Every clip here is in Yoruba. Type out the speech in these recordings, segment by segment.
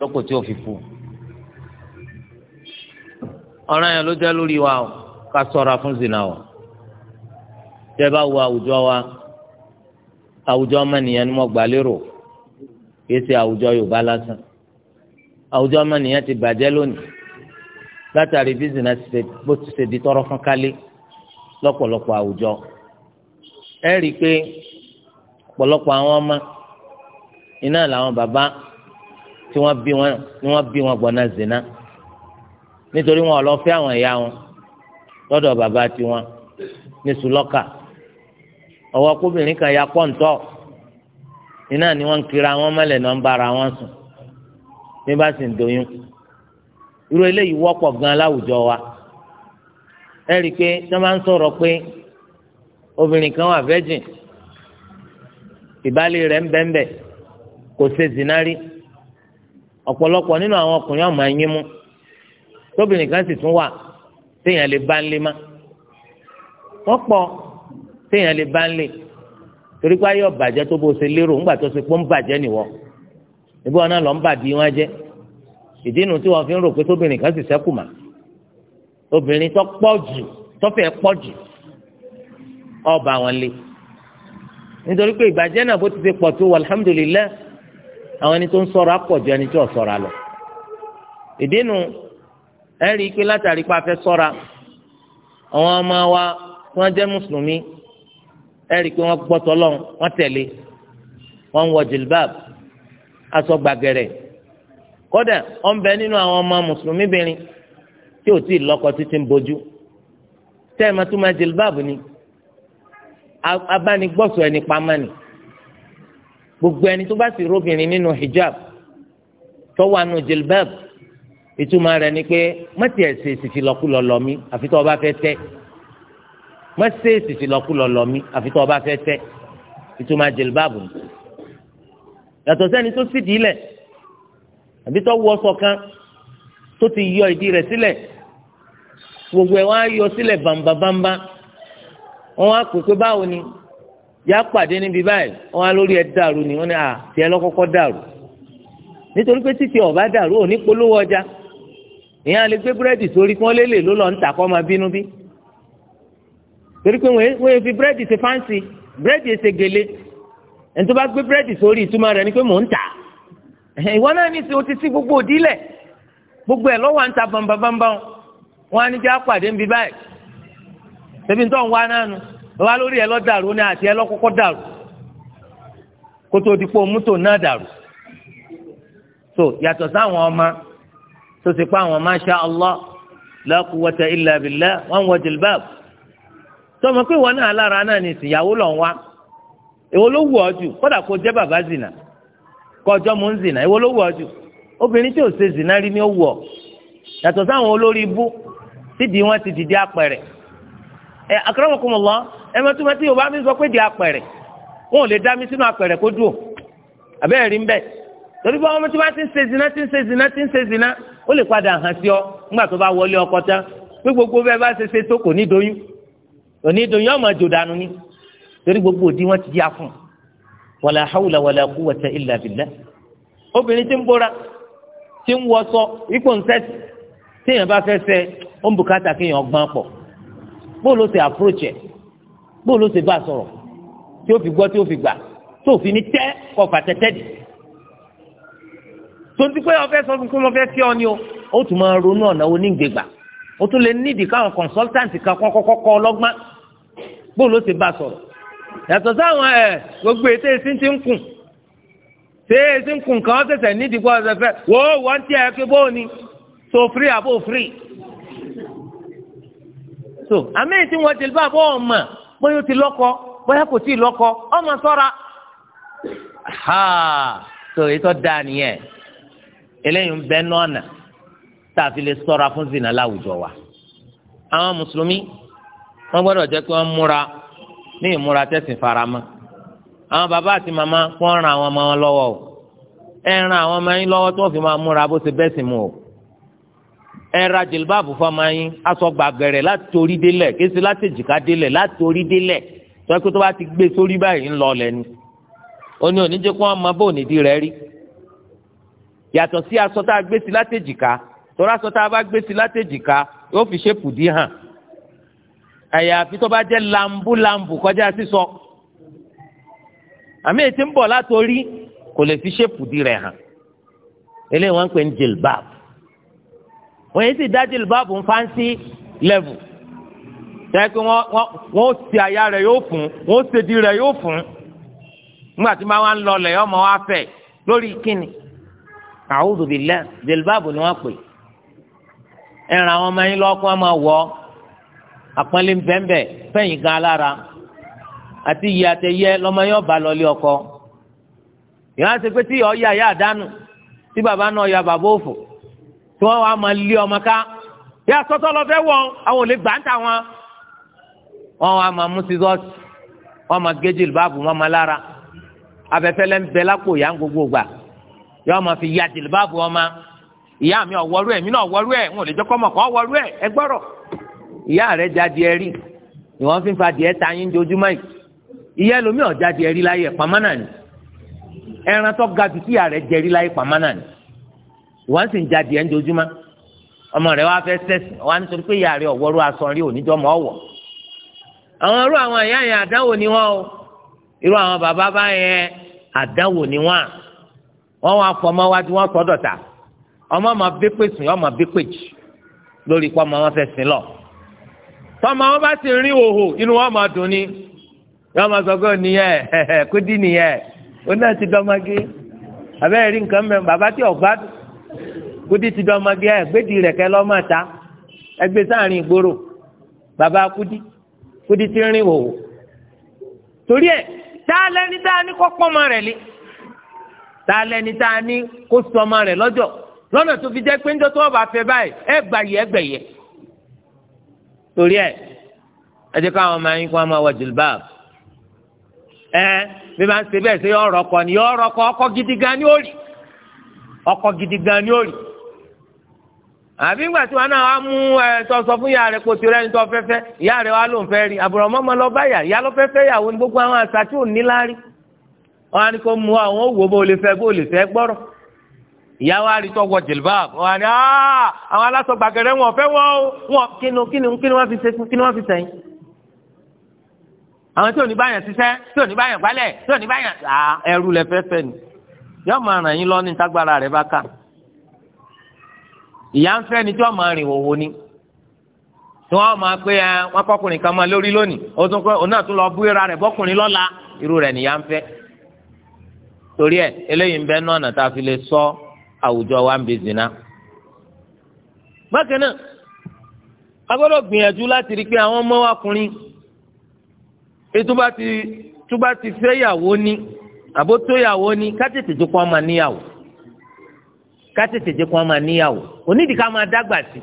lọ́kọ̀ tí ó fi fún un. ọ̀ràn yẹn ló jẹ́ lórí wa o ká sọ̀ra fún zina o tẹ́ bá wo àwùjọ wa àwùjọ ọmọnìyàn ni mo gbà lérò kì í ṣe àwùjọ Yorùbá lásán àwùjọ ọmọnìyàn ti bàjẹ́ lónìí látàrí bí zina bó ti ṣe di tọrọ fún kálí lọ́pọ̀lọpọ̀ àwùjọ ẹ rí i pé ọ̀pọ̀lọpọ̀ àwọn ọmọ iná làwọn bàbá tí wọ́n bí wọn ni wọ́n bí wọn gbọ́nà zina nítorí wọn lọ fẹ́ àwọn ìyá wọn lọ́dọ̀ bàbá tiwọn ní sùlọ́kà ọwọ́ kóbìnrin kan ya pọ́ǹtọ́ iná ni wọ́n ń kira wọn mọ́lẹ̀ náà ń bára wọn sùn ní bá sì ń doyún irú eléyìí wọ́pọ̀ gan láwùjọ wa ẹ rí i pé tí wọ́n bá ń sọ̀rọ̀ pé obìnrin kan wà virgin ìbálẹ̀ rẹ̀ ń bẹ́ńbẹ́ kò ṣe zina ọ̀pọ̀lọpọ̀ nínú àwọn ọkùnrin ọmọ ẹ̀yìn mú tóbìnrin kan sì tún wà téèyàn lè bá ń lé má wọ́n pọ̀ téèyàn lè bá ń lé torí pé ayé ọ̀bàjẹ́ tó bó ṣe lérò ńgbà tó ṣe pé ń bàjẹ́ nìwọ níbi wọn náà lọ ń bàbí wọn jẹ́ ìdí inú tí wọ́n fi ń rò pé tóbìnrin kan sì sẹ́kù mà obìnrin tó pọ̀ jù tó fẹ́ pọ̀ jù ọba wọn lé nítorí pé ìbàjẹ́ náà bó ti ṣe pọ̀ tó wà alhamdulilayi àwọn ẹni tó ń ṣọ́ra pọ̀ ju ẹni tí ò ṣọ́ra lọ ìdínú ẹ rí i pé látàrí pé a fẹ́ ṣọ́ra àwọn ọmọ wa wọ́n jẹ́ mùsùlùmí ẹ rí i pé wọ́n gbọ́ tọ́lọ́ wọ́n tẹ̀lé wọ́n ń wọ jìlbáàbù aṣọ gbàgẹ̀rẹ̀ kódà ọ̀n bẹ nínú àwọn ọmọ mùsùlùmí bìnrin tí ò tí ì lọ́kọ títí ń bojú tẹ́ ẹ̀ máa tún máa jìlbáàbù ni abánigbọ́sọ̀ ẹni pamọ́ ni gbogbo ẹni tó bá sì róbìnrin nínú hijab tó wà nù jilbab ìtumọ̀ rẹ̀ ni pé mọ́tì ẹ̀sẹ̀ ìsìfì lọ́kùlọ̀ lọ mí àfi tó o bá fẹ́ tẹ́ mọ́tì ìsìfì lọ́kùlọ̀ lọ mí àfi tó o bá fẹ́ tẹ́ ìtumọ̀ jilbab ni yàtọ̀ sẹ́ni tó sì dìílẹ̀ àbí tó wọ sọ̀kan tó ti yọ ìdí rẹ̀ sílẹ̀ gbogbo ẹ̀ wọ́n á yọ sílẹ̀ bàǹbàǹbàǹbà wọ́n á pè pé báwo ni yà pàdé níbi báyìí wọn á lórí ẹ dàrú ni wọn ní à tiẹ̀ lọkọkọ dàrú nítorí pé títí ọba dàrú ò ní polówó ọjà ìyá lè gbé búrẹ́dì sórí kí wọ́n lé lè ló lọ ń tà kọ́ máa bínú bí torí pé wọ́n yẹ fi búrẹ́dì ṣe fáǹsì búrẹ́dì ṣe gèlè ẹni tó bá gbé búrẹ́dì sórí ìtumọ̀ rẹ̀ ni pé mò ń tà ìwọ náà ní ti o ti sí gbogbo òdílẹ̀ gbogbo ẹ̀ lọ́wọ́ à ń ta bàǹbàǹbàǹbà wọn á ní jẹ́ àpàdé ń bí báyìí ṣèbí ń tọ́ ń wá náà nu wá lórí ẹ lọ́dàrú ní àti ẹ lọ́kọ́kọ́ dàrú kótó dipo mọ́tò náà dàrú so yàtọ̀ sáwọn ọmọ tó ti pa àwọn masha Allah la quwwata illa billah wọ́n wọ jilbab tọmọ pé wọn náà lára náà ní ìsìyàwó lọ wá èwo ló wù ọ jù kódà kó bàbá zina Kọjọ mò zina èwo ló wù ọ jù obìnrin tí ò ṣe zina rí ni ó wù ọ yàtọ̀ sáwọn olórí wọn ti dìde ẹ̀mọ́ tó máa ti yorùbá mi sọ pé di apẹ̀rẹ̀ wọn ò lè dá mi sínú apẹ̀rẹ̀ kó dùn àbẹ́rẹ́ rí ń bẹ̀ torí bá wọn ti máa ti ń ṣe zina ti ń ṣe zina ti ń ṣe zina ó lè padà hàn sí ọ nígbà tó bá wọlé ọkọ tán pé gbogbo bẹ́ẹ̀ bá ṣe ṣe tó kò ní doyún kò ní doyún ọmọ jò dànù ni torí gbogbo òdi wọn ti yá fún wàlà hawla wàlà quwwata illa billah obìnrin ti ń bóra ti ń wọṣọ ipò ń sẹ́sì téèyàn bá fẹ́ fẹ́ ó ń bùkátà kéèyàn gbọ́n pọ̀ bóòlù ti àpúròchẹ̀ bó ló ṣe bá sọ̀rọ̀ tí ó fi gbọ́ tí ó fi gbà tó fi ní tẹ́ kọ fàtẹ́tẹ́ dì tonti pé ọfẹ sọ fún pé mo fẹ́ fi ọ ni o ó tún máa ronú ọ̀nà onígbègbà ó tún lè nídìí káwọn consultant kan kọ́kọ́kọ́ ọlọ́gbọ́n bó ló ṣe bá sọ̀rọ̀ yàtọ̀ sáwọn ẹ̀ gbogbo ètò èsì ti ń kùn ṣé èsì ń kùn kan ó tẹ̀sẹ̀ nídìí bọ́ ọ̀sẹ̀ fẹ́ wò ó wọ́n ti ẹ̀ pé bó o ni so free àbó free so àmì ìtí wọn ti bá bọ́ ọ̀ mọ̀ bóyá ó ti lọ́kọ bóyá kò tí ì lọ́kọ ọmọ ṣọ́ra ha tó ètò da nìyẹn eléyìí ń bẹ nọ́ọ̀nà tá a fi lè ṣọ́ra fún zina láwùjọ wa àwọn mùsùlùmí wọ́n gbọ́dọ̀ jẹ́ pé wọ́n múra ní ìmúra tẹ̀sìn farama àwọn bàbá àti màmá wọ́n ran àwọn ọmọ wọn lọ́wọ́ o ẹ ran àwọn ọmọ yín lọ́wọ́ tó fi máa múra bó ṣe bẹ́sìn mu o ẹ ra jìlbáàbù fọmọ yín aṣọ gbàgẹ̀rẹ̀ láti orí délẹ̀ kéṣe láti èjìká délẹ̀ láti orí délẹ̀ sọ pé tó bá ti gbé sórí báyìí ń lọ lẹ́nu ó ní oníjẹ́ kó wọn mọ bó nídìí rẹ̀ rí yàtọ̀ sí aṣọ tá a gbé sí láti èjìká tọ́lá aṣọ tá a bá gbé sí láti èjìká yóò fi ṣe pùdí hàn àyàfi tó bá jẹ́ lambu lambu kọjá sísọ àmì ètí ń bọ̀ látòrí kò lè fi ṣe pùdí rẹ̀ hàn eléyìí wọ́n ń pè ní jilbab wọ́n yẹn sì dá jìlbáàbù ń fáńsì lẹ́vù tẹ́kí wọ́n wọ́n ó ti àyà rẹ̀ yóò fún wọ́n ó ṣèdí rẹ̀ yóò fún nígbà tí máa wá ń lọlẹ̀ ọmọ wa fẹ̀ lórí kíni a'udhu billah jìlbáàbù ni wọ́n pè ẹ̀ràn àwọn ọmọ yín lọ́kọ́ máa wọ̀ àpọ́nlé bẹ́ẹ̀nbẹ́ fẹ̀yìn gan alára àti ìyẹ àtẹ̀yẹ lọ́mọ yín ọba lọ́lé ọkọ ìrántí pé tí ìyá ọ̀yà yá àdánù tí bàbá náà ya bàbá òfò tí wọ́n wá máa lé ọmọ ká yà sọ́tọ́ lọ fẹ́ wọ̀n àwọn ò lè gbà ń wọn. wá máa mú sísọ́ọ̀sì wọ́n máa gé jìlbáàbù wọn máa lára abẹ́fẹ́lẹ́ ń bẹ lápò ìyá ń gbogbo gbà yà wọ́n fi ya jìlbáàbù wọn máa ìyá mi ọ̀wọ́rú ẹ̀ mi náà ọ̀wọ́rú ẹ̀ wọn ò lè jẹ́ kọ́mọ̀ kọ́ ọ̀wọ́rú ẹ̀ ẹ gbọ́rọ̀ ìyá rẹ̀ jáde ẹ̀rí ìwọ́n fi ń fa adìẹ ta yín jojúmọ́ yìí ìyá ẹlòmíì ọ̀jáde ẹ̀rí láyé pàmánà ni ẹran tó ga jù tíyà rẹ̀ jẹ́rí láyé pàmánà ni ìwọ́n sì ń ja díẹ̀ ńdojúmọ́ ọmọ rẹ̀ wá fẹ́ sẹ́sìn wá nítorí pé ìyá rẹ̀ ọ̀wọ́rú aṣọ rí oníjọ́ mọ́ ọ̀wọ́ àwọn irú àwọn ìyá yẹn àdáwò ni wọ́n o irú àwọn bàbá bá yẹn àdáwò ni wọ́n wọ́n wá fọmọ wájú wọn sọ́dọ̀tà ọmọ ọmọ bípè sùn ọmọ bípè jì lórí ikú ọmọ wọn fẹ́ sìn lọ tọmọ wọn bá sì rí òhò inú wọn máa dùn ni yọọ máa sọ pé nìyẹn kúdí nìyẹn ó náà ti dọ́mọgé àbẹ́rẹ́ rí nǹkan mẹ́rin bàbá tí ọ̀gbádùn kudi ti di ọmọge ẹ gbẹdi rẹ kẹ lọ máa ta ẹgbẹ sáàrin ìgboro baba kudi kudi ti rin wò wò torí ẹ tá lẹni tá ní kó pọnmọ rẹ lé tá lẹni tá ní kó sọmọ rẹ lọ́jọ́ lọ́nà tó fi jẹ́ pé ńjọ́ tó bá fẹ́ báyìí ẹ gbàyè ẹ gbẹyẹ torí ẹ ẹ jẹ́ káwọn ọmọ yín kó wọn máa wọ jìlbáàbù ẹ bí wọ́n ṣe bẹ́ẹ̀ ṣe yọ ọ̀rọ̀ kọ ni yọ ọ̀rọ̀ kọ ọkọ gidi gan ni ó rì ọkọ gidi gan ni ó rì. àbí ńgbà tí wọn náà wá mú ẹ tọ sọ fún ìyá rẹ kó tirẹ ní tọ fẹfẹ ìyá rẹ wá ló ń fẹ́ rí àbúrò mọmọ lọ báyà ìyá lọ fẹ́ fẹ́ yàwó ní gbogbo àwọn àṣà tí ò ní láárí wọn á ní kó mu àwọn òwò bó lè fẹ́ bó lè fẹ́ gbọrọ ìyá wa rí tọwọ jìlbà wọn á ní àwọn aláṣọ gbàgẹrẹ wọn fẹ́ wọn o wọn kíni kíni kíni wọn fi ṣe kíni wọn fi sẹ́yìn àwọn tí ò ní báyàn ṣiṣẹ́ tí ò ní báyàn gbálẹ̀ tí ò ní báyàn ẹrù lẹ fẹfẹ ni yọọ máa ràn ìyá ń fẹ́ ni tí wọ́n máa rìn òwò ni tí wọ́n máa pé ẹ ah, wọ́n kọ́kùnrin kan máa lórí lónìí ó náà tún lọ bú bọ́kùnrin lọ́la irú rẹ̀ ìyá ń fẹ́ torí ẹ eléyìí ń náà nà tá a fi lè sọ àwùjọ wa ń zina bákan náà a gbọ́dọ̀ gbìyànjú láti rí pé àwọn ọmọ wa kùnrin ti fẹ́ yàwó ni ni ká tètè ká tètè jẹ́ kó wọ́n máa níyàwó onídìí ká máa dágbà sí i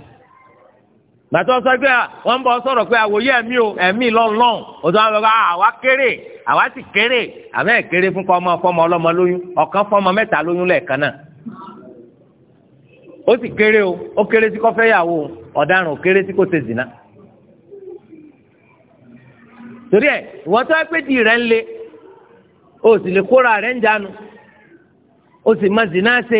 gbàtọ́ sọ pé wọ́n ń bọ̀ pé àwòye ẹ̀mí o ẹ̀mí lọ́nlọ́n o tó wá lọ́ọ́ àwa kéré àwa sì kéré àmọ́ ẹ̀ kéré fún kọ́mọ fọ́mọ ọlọ́mọ lóyún ọkàn fọmọ mẹ́ta lóyún lẹ́ẹ̀kan náà ó sì kéré o ó kéré sí kó yàwó ọ̀daràn ó kéré sí kó ṣe zìnà torí ẹ̀ ìwọ́n tó wá pé di ń le o sì lè kóra ń o sì má ṣe.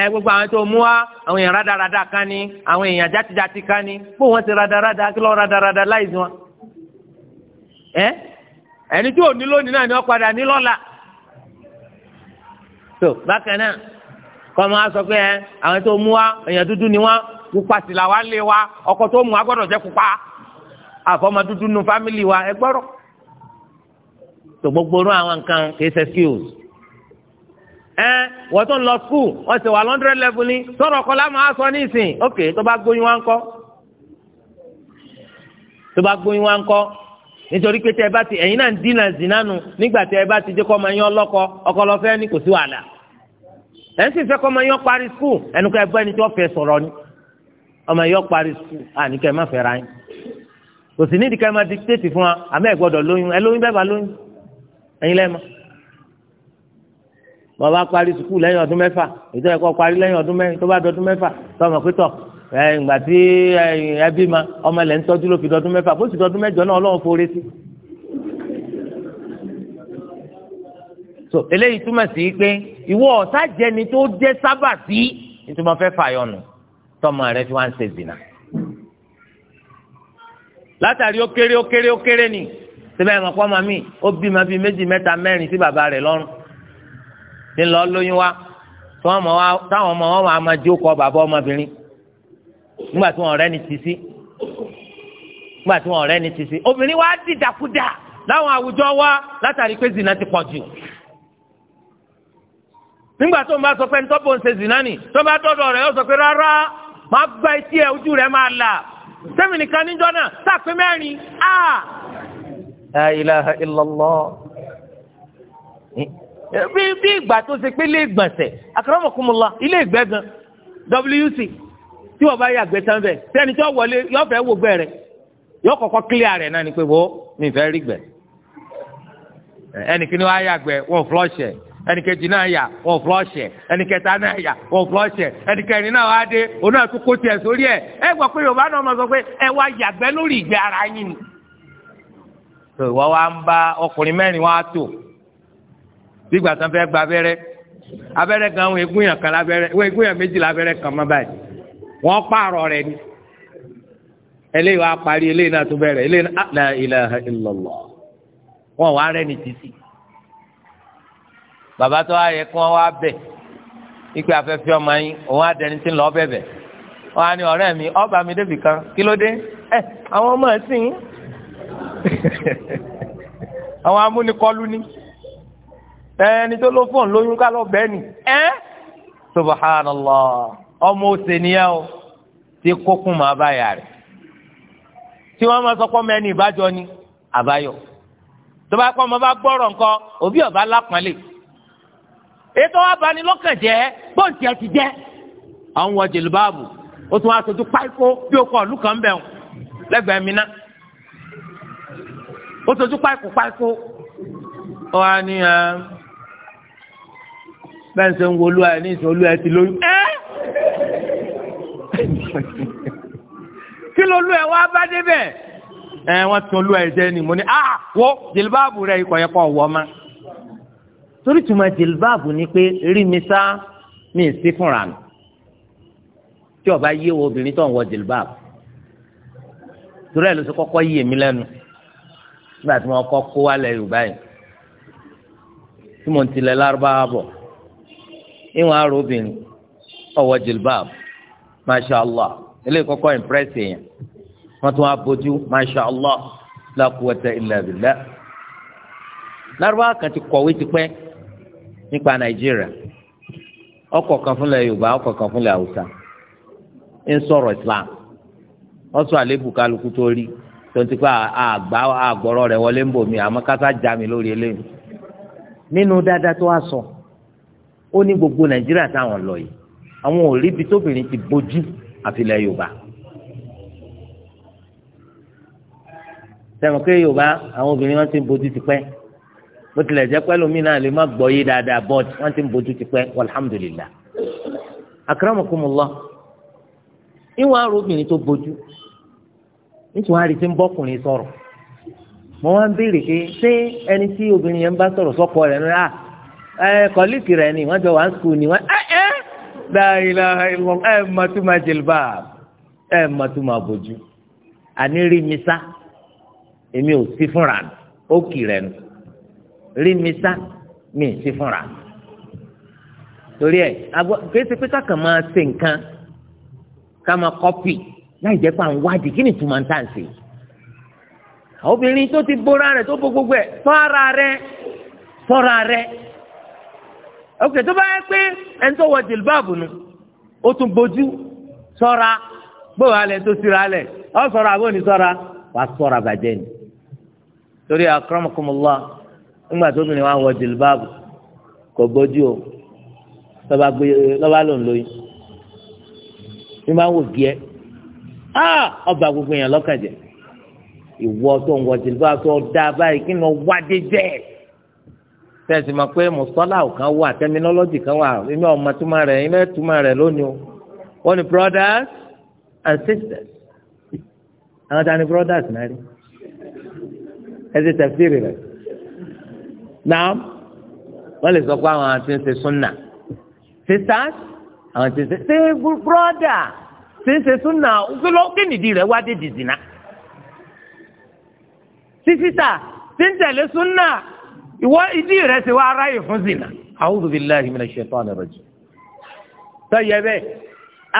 ẹ gbogbo àwọn tó mú wa àwọn èèyàn radarada kan ni àwọn èèyàn játijàti kan ni bó wọn ti radarada kí lọ láì zun wa. náà ni wọn padà ní lọ́la. tó bákan náà kọ́mọ á sọ pé ẹ àwọn tó mú wa èèyàn dúdú ni wọn pupa sì là wa ọkọ tó gbogbo àwọn nǹkan kì í ẹ wọ́n tó ń lọ skul wọ́n sì wà lọ́ndrẹ́d lẹ́fún ní sọ̀rọ̀ sọ nísìn ok tó bá gbóyún ń kọ́ tó bá gbóyún ń kọ́ nítorí pé ẹ bá ti ẹ̀yin náà ń ọkọ ní kò sí wàhálà ẹ̀ ń sì fẹ́ kọ́ ọmọ yẹn parí skul ẹnu ẹ ẹni ni ọmọ yẹn parí skul àní kẹ́ ẹ má fẹ́ ra yín kò nídìí ẹ má fún wa bọ́ bá parí sukùl lẹ́yìn ọdún mẹ́fà ètò ẹ̀kọ́ parí lẹ́yìn ọdún mẹ́rin tó bá dọdún mẹ́fà tọmọ pétọ̀ ìgbà tí ẹbí ma ọmọ ilẹ̀ ń tọ́jú ló fi dọdún mẹ́fà bó sì dọdún mẹ́jọ náà ọlọ́run forí sí. so eléyìí túmọ̀ sí pé ìwọ ọ̀sá jẹni tó jẹ́ sábà sí nítorí wọn fẹ́ fàyọnù tọmọ rẹ fi wá ń ṣe zìnà. látàrí ó kéré ó kéré ó kéré ni síbẹ̀ ẹ̀ mọ̀ pọ́ mọ́ mi ó bí ma bíi méjì mẹ́ta mẹ́rin sí bàbá rẹ̀ lọ́rùn ti lọ lóyún wa táwọn ọmọ wọn máa máa jókòó bàbá ọmọbìnrin nígbà tí wọn ọ̀rẹ́ ni ti sí nígbà tí wọn ọ̀rẹ́ ni ti sí obìnrin wa dìdàkudà láwọn àwùjọ wa látàrí pé zina ti pọ̀ jù nígbà tó ń bá sọ pé ń tọ́pọ̀ ń ṣe zina ni tó bá dọ́dọ̀ rẹ̀ yóò sọ pé rárá máa gba etí ẹ̀ ojú rẹ̀ máa là sẹ́mi nìkan níjọ́ náà sàpé mẹ́rin a. ilaha illallah bí bí ìgbà tó ṣe pé ilé ìgbọ̀nsẹ̀ akramakumullah ilé ìgbẹ́ gan WC tí wọ́n bá yàgbẹ́ tán bẹ̀ sẹ́ni tó wọlé yọ fẹ́ wò gbẹ́ rẹ̀ yọ kọ́kọ́ clear rẹ̀ náà ni pé wo mi fẹ́ rí gbẹ́ ẹnìkíní wa yàgbẹ́ wọ́n flush ẹ̀ ẹnìkejì náà yà wọ́n flush ẹ̀ ẹnìkẹta náà yà wọ́n flush ẹ̀ ẹnìkẹrin náà wá dé òun náà tún kó tiẹ̀ sórí ẹ̀ ẹ pé ara yín ni. gbígbà tán fẹ́ gba abẹ́rẹ́ abẹ́rẹ́ gan wọn egúnyàn kan lábẹ́rẹ́ wọn egúnyàn méjì lábẹ́rẹ́ kan mọ́ báyìí wọ́n pààrọ̀ rẹ̀ ni eléyìí wàá parí eléyìí náà tó bẹ̀rẹ̀ eléyìí náà la ilaha illallah wọn wàá rẹ̀ ní títì bàbá tó wá yẹ kí wọ́n wá bẹ̀ ipe afẹ́fẹ́ ọmọ yín òun adẹni tí ń lọ bẹ̀bẹ̀ wọn á ní ọ̀rẹ́ mi ọba mi débì kan kí ló dé ẹ àwọn ọmọ ẹ̀ sìn àwọn amúnikọ́lù ni ẹni tó ló fóun lóyún ká lọ bẹ́ẹ̀ ni ẹ́ subhanallah ọmọ òsè nìyẹn o ti kókun máa bá yà rẹ̀ tí wọ́n máa sọ pé ìbájọ ni àbáyọ tó bá pọ́ ọmọ bá gbọ́rọ̀ nǹkan òbí ọ̀bá lápọ́nlé ètò abanilọ́kàn jẹ́ bóńtì ẹ̀ ti jẹ́ àwọn wọ jèlúbáàbù ó tún wá sojú páíkó bí ó kọ ọ̀lú kan bẹ̀ wọ́n lẹ́gbẹ̀ẹ́ mi ná ó sojú páíkó páíkó ó wá ní ẹ bẹ́ẹ̀ ṣe ń wo olúwa ẹ̀ ní ìsìn olúwa ẹ̀ ti lóyún. ẹ́ kí ló lú ẹ wá bá débẹ̀ ẹ wọ́n tún olúwa ẹ̀ jẹ́ ni mo ní ah wo jìlbáàbù rẹ̀ ikọ̀ yẹ kọ́ wọ́ ma. torí tuma jìlbáàbù ni pé rí mi sá mi sí fúnra mi tí ó bá yé wo obìnrin tó ń wọ jìlbáàbù torí ẹ̀ ló sọ kọ́kọ́ yé mi lẹ́nu nígbà tí wọ́n kọ́ kó wálẹ̀ yorùbá yìí tí mo ń tilẹ̀ lárúbáwá bọ̀ ìwọ̀n arò obìnrin jilbab masha allah eléyìí kọ́kọ́ yẹn tún mashallah masha allah la kan ti kọ̀wé tipẹ́ nípa nàìjíríà ọkọ̀ kan fúnlẹ̀ yorùbá ọkọ̀ kan fúnlẹ̀ haúsá ń sọ̀rọ̀ islam wọ́n sọ àlébù kálukú tó rí tonti pé àgbà àgbọ̀rọ̀ rẹ̀ wọlé ń bò mí àmọ́ kásá nínú dáadáa tó ó ní gbogbo nàìjíríà táwọn lọ yìí àwọn ò rí ibi tóbìnrin ti bójú àfilẹ̀ yorùbá sẹ́wọ̀n pé yorùbá àwọn obìnrin wọn ti ń bójú tipẹ́ bó tilẹ̀ jẹ́ pẹ́ lómi náà lè má gbọ́ yé dáadáa bọ́ọ̀d wọ́n ti ń bójú tipẹ́ alhamdulillah akramakumullah ìwọ̀n àrò obìnrin tó bójú nítorí àrí ti ń bọ́kùnrin sọ̀rọ̀ mo wá ń béèrè pé ṣé ẹni tí obìnrin yẹn bá sọ̀rọ̀ sọ́kọ rẹ̀ náà ẹ kọ́líkì rẹ̀ ni wọ́n jọ wà ń sùkúù ni wọ́n ẹ ẹ dáìlà ẹ mọ̀túmọ̀ jìlbà ẹ mọ̀túmọ̀ bòjú àní rí mi sá èmi ò sí fúnra nù ó kì rẹ̀ nù rí mi sá mi ì sí fúnra nù torí ẹ agbọ kéésì pé kákan máa ṣe nǹkan ká máa kọ́pì láì jẹ́ pé à ń wádìí kí ni túmọ̀ ń ń ṣe obìnrin tó ti bóra rẹ̀ tó bó gbogbo ẹ̀ sọ́ra rẹ̀ sọ́ra rẹ̀ ok tó bá yẹ pé ẹni tó wọ jìlbáàbù nu ó tún bójú sọ́ra gbọ́wọ́ alẹ̀ tó síra alẹ̀ ọ sọ́ra àbọ̀ ní sọ́ra wà sọ́ra bàjẹ́ ni torí akramakumullah nígbà tó bìnrin wa wọ jìlbáàbù kò bójú o lọ́ba gbé lọ́ba ló ń lóyún ní máa wò gíẹ́ ọba ah, gbogbo èèyàn lọ́kàn jẹ́ ìwọ tó ń wọ jìlbáàbù tó dáa báyìí kí ni wọ́n wá dé jẹ́ tẹ̀sí ma pé mùsọ́là kan wà tẹ́minọ́lọ́jì kan wà inú ọmọ túmọ̀ rẹ̀ inú ẹ̀ túmọ̀ rẹ̀ lónìí o wọ́n ní brothers and sisters àwọn tani brothers náà rí ẹ ti tẹ̀síìrì rẹ̀ náà wọ́n lè sọ pé àwọn àti ń ṣe súnà sisters àwọn ti ń ṣe ṣe brother ṣe ń ṣe súnà kí nìdí rẹ̀ wá dé dìzínà sí ṣe ń tẹ̀lé súnà. ìwọ ìdí rẹ ti wá aráyè fún zina. a'udhu billahi minash shaitani rajim. sọ yẹ bẹ́ẹ̀.